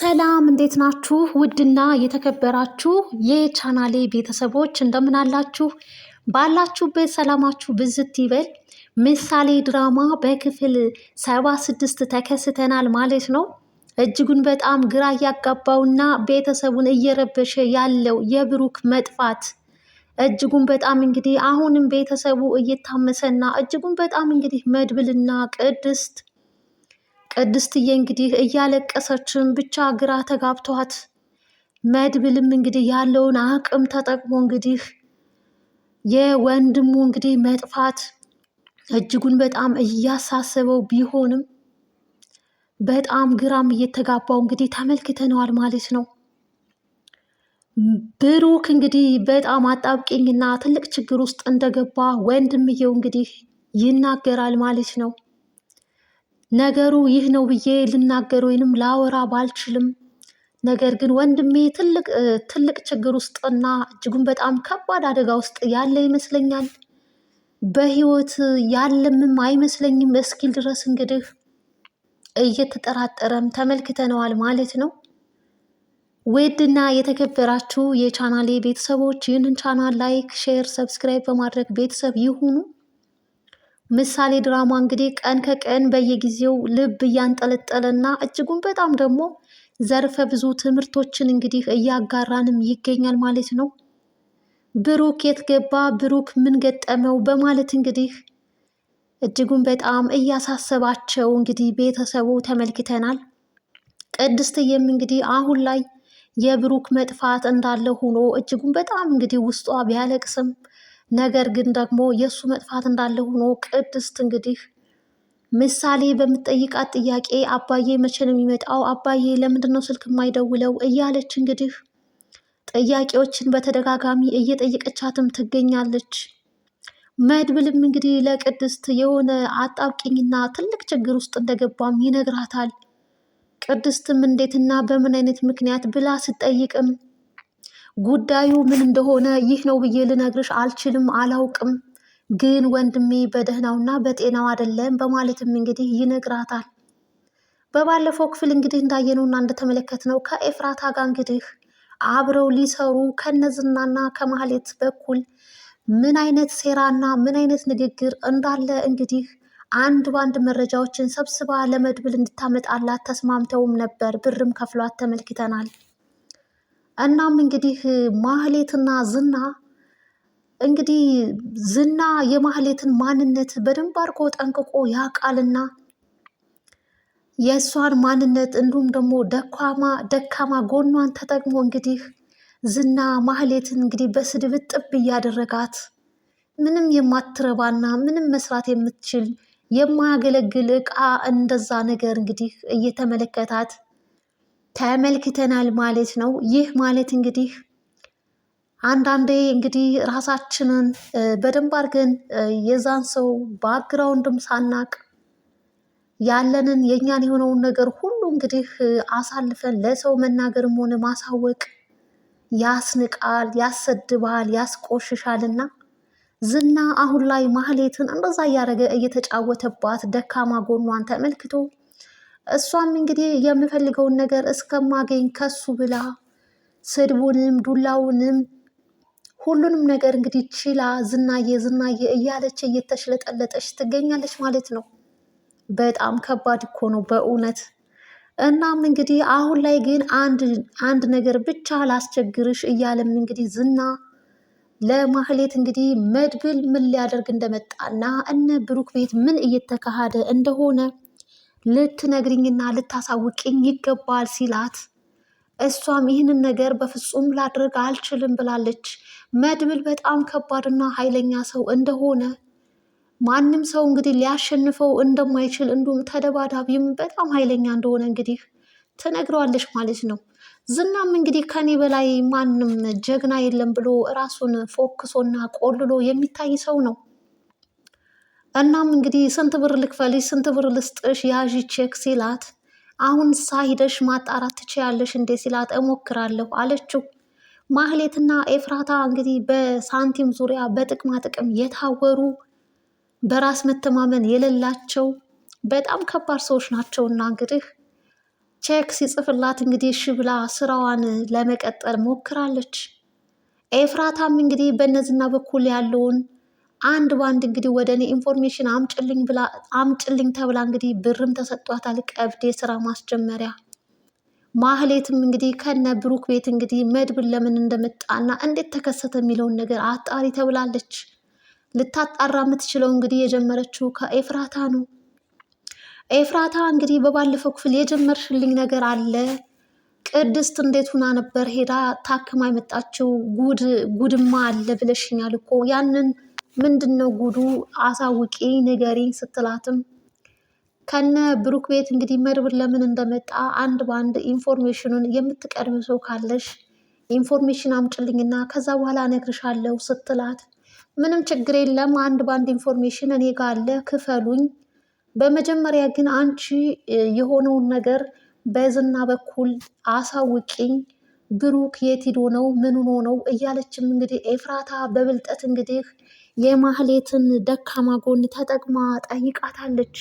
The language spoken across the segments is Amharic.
ሰላም እንዴት ናችሁ? ውድና የተከበራችሁ የቻናሌ ቤተሰቦች እንደምን አላችሁ? ባላችሁበት ሰላማችሁ ብዝት ይበል። ምሳሌ ድራማ በክፍል ሰባ ስድስት ተከስተናል ማለት ነው። እጅጉን በጣም ግራ እያጋባውና ቤተሰቡን እየረበሸ ያለው የብሩክ መጥፋት እጅጉን በጣም እንግዲህ አሁንም ቤተሰቡ እየታመሰና እጅጉን በጣም እንግዲህ መድብልና ቅድስት ቅድስትዬ እንግዲህ እያለቀሰችም ብቻ ግራ ተጋብቷት መድብልም እንግዲህ ያለውን አቅም ተጠቅሞ እንግዲህ የወንድሙ እንግዲህ መጥፋት እጅጉን በጣም እያሳሰበው ቢሆንም በጣም ግራም እየተጋባው እንግዲህ ተመልክተነዋል ማለት ነው። ብሩክ እንግዲህ በጣም አጣብቂኝና ትልቅ ችግር ውስጥ እንደገባ ወንድምየው እንግዲህ ይናገራል ማለት ነው። ነገሩ ይህ ነው ብዬ ልናገር ወይንም ላወራ ባልችልም ነገር ግን ወንድሜ ትልቅ ትልቅ ችግር ውስጥና እጅጉን በጣም ከባድ አደጋ ውስጥ ያለ ይመስለኛል። በህይወት ያለምም አይመስለኝም እስኪል ድረስ እንግዲህ እየተጠራጠረም ተመልክተነዋል ማለት ነው። ውድና የተከበራችሁ የቻናሌ ቤተሰቦች ይህንን ቻናል ላይክ፣ ሼር፣ ሰብስክራይብ በማድረግ ቤተሰብ ይሁኑ። ምሳሌ ድራማ እንግዲህ ቀን ከቀን በየጊዜው ልብ እያንጠለጠለ እና እጅጉን በጣም ደግሞ ዘርፈ ብዙ ትምህርቶችን እንግዲህ እያጋራንም ይገኛል ማለት ነው። ብሩክ የት ገባ? ብሩክ ምን ገጠመው? በማለት እንግዲህ እጅጉን በጣም እያሳሰባቸው እንግዲህ ቤተሰቡ ተመልክተናል። ቅድስትዬም እንግዲህ አሁን ላይ የብሩክ መጥፋት እንዳለ ሆኖ እጅጉን በጣም እንግዲህ ውስጧ ቢያለቅስም ነገር ግን ደግሞ የእሱ መጥፋት እንዳለ ሆኖ ቅድስት እንግዲህ ምሳሌ በምትጠይቃት ጥያቄ አባዬ መቼ ነው የሚመጣው? አባዬ ለምንድን ነው ስልክ የማይደውለው? እያለች እንግዲህ ጥያቄዎችን በተደጋጋሚ እየጠየቀቻትም ትገኛለች። መድብልም እንግዲህ ለቅድስት የሆነ አጣብቂኝና ትልቅ ችግር ውስጥ እንደገባም ይነግራታል። ቅድስትም እንዴትና በምን አይነት ምክንያት ብላ ስትጠይቅም ጉዳዩ ምን እንደሆነ ይህ ነው ብዬ ልነግርሽ አልችልም፣ አላውቅም ግን ወንድሜ በደህናውና በጤናው አይደለም በማለትም እንግዲህ ይነግራታል። በባለፈው ክፍል እንግዲህ እንዳየነውና እንደተመለከትነው ከኤፍራታ ጋር እንግዲህ አብረው ሊሰሩ ከነዝናና ከማህሌት በኩል ምን አይነት ሴራና ምን አይነት ንግግር እንዳለ እንግዲህ አንድ በአንድ መረጃዎችን ሰብስባ ለመድብል እንድታመጣላት ተስማምተውም ነበር። ብርም ከፍሏት ተመልክተናል። እናም እንግዲህ ማህሌትና ዝና እንግዲህ ዝና የማህሌትን ማንነት በደንብ አድርጎ ጠንቅቆ ያውቃልና የእሷን ማንነት እንዲሁም ደግሞ ደካማ ደካማ ጎኗን ተጠቅሞ እንግዲህ ዝና ማህሌትን እንግዲህ በስድብ ጥብ እያደረጋት ምንም የማትረባና ምንም መስራት የምትችል የማያገለግል እቃ እንደዛ ነገር እንግዲህ እየተመለከታት ተመልክተናል ማለት ነው። ይህ ማለት እንግዲህ አንዳንዴ እንግዲህ ራሳችንን በደንብ አድርገን የዛን ሰው ባክግራውንድም ሳናቅ ያለንን የእኛን የሆነውን ነገር ሁሉ እንግዲህ አሳልፈን ለሰው መናገርም ሆነ ማሳወቅ ያስንቃል፣ ያሰድባል፣ ያስቆሽሻል እና ዝና አሁን ላይ ማህሌትን እንደዛ እያደረገ እየተጫወተባት ደካማ ጎኗን ተመልክቶ እሷም እንግዲህ የምፈልገውን ነገር እስከማገኝ ከሱ ብላ ስድቡንም ዱላውንም ሁሉንም ነገር እንግዲህ ችላ ዝናዬ ዝናዬ እያለች እየተሽለጠለጠች ትገኛለች ማለት ነው። በጣም ከባድ እኮ ነው በእውነት። እናም እንግዲህ አሁን ላይ ግን አንድ ነገር ብቻ ላስቸግርሽ እያለም እንግዲህ ዝና ለማህሌት እንግዲህ መድብል ምን ሊያደርግ እንደመጣና እነ ብሩክ ቤት ምን እየተካሄደ እንደሆነ ልትነግርኝና ልታሳውቅኝ ይገባል ሲላት እሷም ይህንን ነገር በፍጹም ላድርግ አልችልም ብላለች። መድብል በጣም ከባድና ኃይለኛ ሰው እንደሆነ ማንም ሰው እንግዲህ ሊያሸንፈው እንደማይችል እንዲሁም ተደባዳቢም በጣም ኃይለኛ እንደሆነ እንግዲህ ትነግረዋለች ማለት ነው። ዝናም እንግዲህ ከኔ በላይ ማንም ጀግና የለም ብሎ እራሱን ፎክሶና ቆልሎ የሚታይ ሰው ነው። እናም እንግዲህ ስንት ብር ልክፈልሽ፣ ስንት ብር ልስጥሽ ያዥ ቼክ ሲላት አሁን ሳሂደሽ ማጣራት ትችያለሽ እንዴ ሲላት እሞክራለሁ አለችው። ማህሌትና ኤፍራታ እንግዲህ በሳንቲም ዙሪያ በጥቅማ ጥቅም የታወሩ በራስ መተማመን የሌላቸው በጣም ከባድ ሰዎች ናቸውና እንግዲህ ቼክ ሲጽፍላት እንግዲህ እሺ ብላ ስራዋን ለመቀጠል ሞክራለች። ኤፍራታም እንግዲህ በእነዚህና በኩል ያለውን አንድ በአንድ እንግዲህ ወደ እኔ ኢንፎርሜሽን አምጭልኝ ብላ አምጭልኝ ተብላ እንግዲህ ብርም ተሰጥቷታል። ቀብድ የስራ ማስጀመሪያ ማህሌትም እንግዲህ ከነ ብሩክ ቤት እንግዲህ መድብን ለምን እንደመጣና እንዴት ተከሰተ የሚለውን ነገር አጣሪ ተብላለች። ልታጣራ የምትችለው እንግዲህ የጀመረችው ከኤፍራታ ነው። ኤፍራታ እንግዲህ በባለፈው ክፍል የጀመርሽልኝ ነገር አለ ቅድስት እንዴት ሁና ነበር ሄዳ ታክማ የመጣችው? ጉድማ አለ ብለሽኛል እኮ ያንን ምንድን ነው ጉዱ አሳውቂ ንገሪኝ ስትላትም ከነ ብሩክ ቤት እንግዲህ መድብል ለምን እንደመጣ አንድ በአንድ ኢንፎርሜሽኑን የምትቀድም ሰው ካለሽ ኢንፎርሜሽን አምጭልኝና ከዛ በኋላ እነግርሻለሁ ስትላት ምንም ችግር የለም አንድ በአንድ ኢንፎርሜሽን እኔ ጋለ አለ ክፈሉኝ በመጀመሪያ ግን አንቺ የሆነውን ነገር በዝና በኩል አሳውቂኝ ብሩክ የት ሂዶ ነው ምን ሆኖ ነው እያለችም እንግዲህ ኤፍራታ በብልጠት እንግዲህ የማህሌትን ደካማ ጎን ተጠቅማ ጠይቃታለች።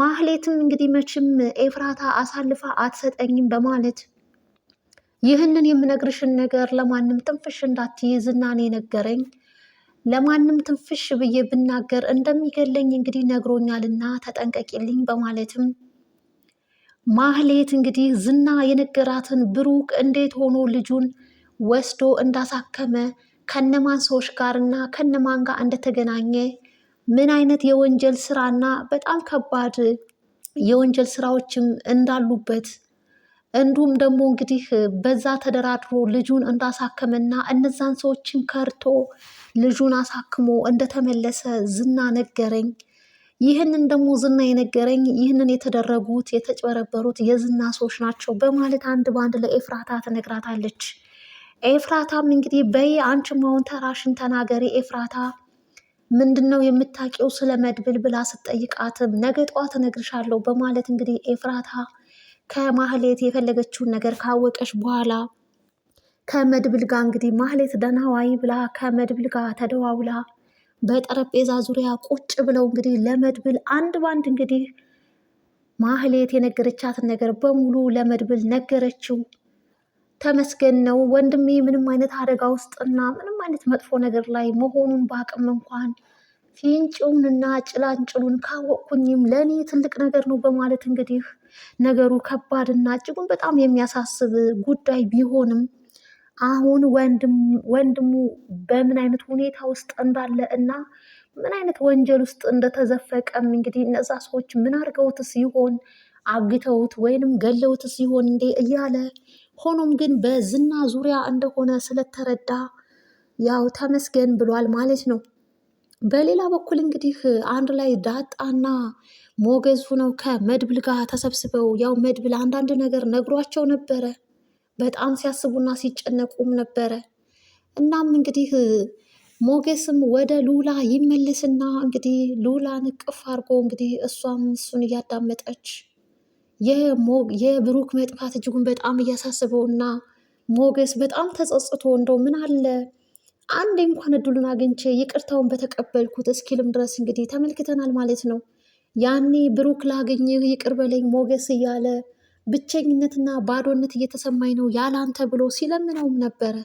ማህሌትም እንግዲህ መቼም ኤፍራታ አሳልፋ አትሰጠኝም በማለት ይህንን የምነግርሽን ነገር ለማንም ትንፍሽ እንዳትይዝና ዝናኔ ነገረኝ ለማንም ትንፍሽ ብዬ ብናገር እንደሚገለኝ እንግዲህ ነግሮኛልና ተጠንቀቂልኝ በማለትም ማህሌት እንግዲህ ዝና የነገራትን ብሩክ እንዴት ሆኖ ልጁን ወስዶ እንዳሳከመ ከነማን ሰዎች ጋርና ከነማን ጋር እንደተገናኘ ምን አይነት የወንጀል ስራና በጣም ከባድ የወንጀል ስራዎችም እንዳሉበት እንዲሁም ደግሞ እንግዲህ በዛ ተደራድሮ ልጁን እንዳሳከመና እነዛን ሰዎችን ከርቶ ልጁን አሳክሞ እንደተመለሰ ዝና ነገረኝ። ይህንን ደግሞ ዝና የነገረኝ ይህንን የተደረጉት የተጭበረበሩት የዝና ሰዎች ናቸው በማለት አንድ በአንድ ለኤፍራታ ትነግራታለች። ኤፍራታም እንግዲህ በይ አንቺ መሆን ተራሽን ተናገሪ ኤፍራታ ምንድን ነው የምታውቂው ስለ መድብል ብላ ስትጠይቃትም ነገ ጠዋት እነግርሻለሁ በማለት እንግዲህ ኤፍራታ ከማህሌት የፈለገችውን ነገር ካወቀች በኋላ ከመድብል ጋር እንግዲህ ማህሌት ደህና ዋይ ብላ ከመድብል ጋር ተደዋውላ በጠረጴዛ ዙሪያ ቁጭ ብለው እንግዲህ ለመድብል አንድ ባንድ እንግዲህ ማህሌት የነገረቻትን ነገር በሙሉ ለመድብል ነገረችው። ተመስገን ነው ወንድሜ ምንም አይነት አደጋ ውስጥና ምንም አይነት መጥፎ ነገር ላይ መሆኑን በአቅም እንኳን ፊንጭውንና ጭላንጭሉን ካወቅኩኝም ለእኔ ትልቅ ነገር ነው በማለት እንግዲህ ነገሩ ከባድና እጅጉን በጣም የሚያሳስብ ጉዳይ ቢሆንም አሁን ወንድሙ በምን አይነት ሁኔታ ውስጥ እንዳለ እና ምን አይነት ወንጀል ውስጥ እንደተዘፈቀም እንግዲህ እነዛ ሰዎች ምን አድርገውት ሲሆን አግተውት ወይንም ገለውት ሲሆን እንዴ እያለ ሆኖም ግን በዝና ዙሪያ እንደሆነ ስለተረዳ ያው ተመስገን ብሏል ማለት ነው። በሌላ በኩል እንግዲህ አንድ ላይ ዳጣና ሞገዝ ሆነው ከመድብል ጋር ተሰብስበው ያው መድብል አንዳንድ ነገር ነግሯቸው ነበረ። በጣም ሲያስቡና ሲጨነቁም ነበረ። እናም እንግዲህ ሞገስም ወደ ሉላ ይመለስና እንግዲህ ሉላን እቅፍ አድርጎ እንግዲህ እሷም እሱን እያዳመጠች የብሩክ መጥፋት እጅጉን በጣም እያሳስበው እና ሞገስ በጣም ተጸጽቶ እንደው ምን አለ አንድ እንኳን እድሉን አግኝቼ ይቅርታውን በተቀበልኩት እስኪልም ድረስ እንግዲህ ተመልክተናል ማለት ነው። ያኔ ብሩክ ላገኝህ ይቅር በለኝ ሞገስ እያለ ብቸኝነትና ባዶነት እየተሰማኝ ነው ያላንተ ብሎ ሲለምነውም ነበረ።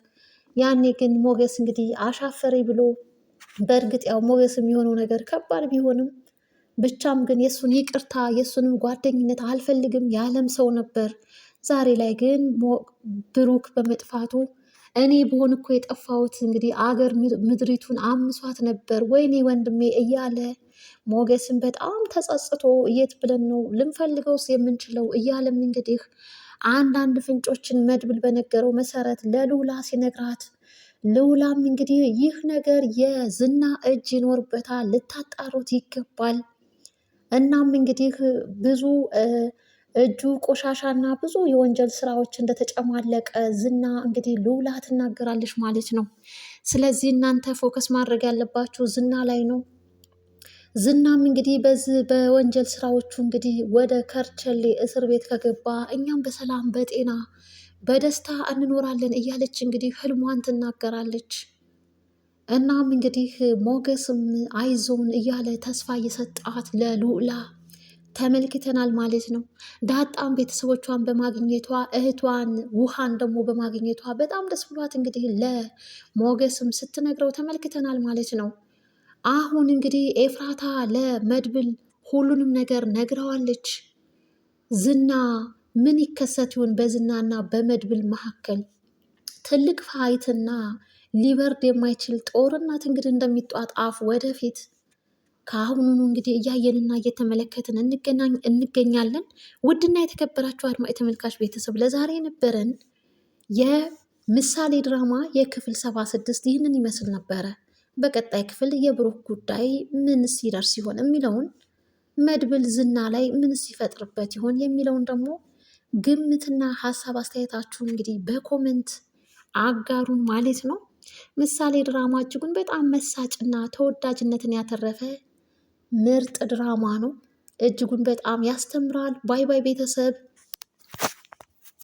ያኔ ግን ሞገስ እንግዲህ አሻፈሬ ብሎ በእርግጥ ያው ሞገስ የሚሆነው ነገር ከባድ ቢሆንም ብቻም ግን የእሱን ይቅርታ የእሱንም ጓደኝነት አልፈልግም ያለም ሰው ነበር። ዛሬ ላይ ግን ብሩክ በመጥፋቱ እኔ በሆን እኮ የጠፋሁት እንግዲህ አገር ምድሪቱን አምሷት ነበር ወይኔ ወንድሜ እያለ ሞገስን በጣም ተጸጽቶ የት ብለን ነው ልንፈልገውስ የምንችለው እያለም እንግዲህ አንዳንድ ፍንጮችን መድብል በነገረው መሰረት ለሉላ ሲነግራት ልውላም እንግዲህ ይህ ነገር የዝና እጅ ይኖርበታል፣ ልታጣሩት ይገባል እናም እንግዲህ ብዙ እጁ ቆሻሻና ብዙ የወንጀል ስራዎች እንደተጨማለቀ ዝና እንግዲህ ልውላ ትናገራለች ማለት ነው። ስለዚህ እናንተ ፎከስ ማድረግ ያለባችሁ ዝና ላይ ነው። ዝናም እንግዲህ በዚህ በወንጀል ስራዎቹ እንግዲህ ወደ ከርቸሌ እስር ቤት ከገባ እኛም በሰላም በጤና በደስታ እንኖራለን እያለች እንግዲህ ህልሟን ትናገራለች። እናም እንግዲህ ሞገስም አይዞን እያለ ተስፋ እየሰጣት ለሉላ ተመልክተናል ማለት ነው። ዳጣም ቤተሰቦቿን በማግኘቷ እህቷን ውሃን ደግሞ በማግኘቷ በጣም ደስ ብሏት እንግዲህ ለሞገስም ስትነግረው ተመልክተናል ማለት ነው። አሁን እንግዲህ ኤፍራታ ለመድብል ሁሉንም ነገር ነግረዋለች። ዝና ምን ይከሰት ይሆን በዝናና በመድብል መካከል ትልቅ ፋይትና ሊበርድ የማይችል ጦርነት እንግዲህ እንደሚጧጣፍ ወደፊት ከአሁኑኑ እንግዲህ እያየንና እየተመለከትን እንገኛለን። ውድና የተከበራችሁ አድማጭ ተመልካች ቤተሰብ ለዛሬ የነበረን የምሳሌ ድራማ የክፍል ሰባ ስድስት ይህንን ይመስል ነበረ። በቀጣይ ክፍል የብሩክ ጉዳይ ምንስ ይደርስ ይሆን የሚለውን መድብል ዝና ላይ ምንስ ይፈጥርበት ይሆን የሚለውን ደግሞ ግምትና ሀሳብ አስተያየታችሁን እንግዲህ በኮመንት አጋሩን ማለት ነው። ምሳሌ ድራማ እጅጉን በጣም መሳጭና ተወዳጅነትን ያተረፈ ምርጥ ድራማ ነው። እጅጉን በጣም ያስተምራል። ባይ ባይ ቤተሰብ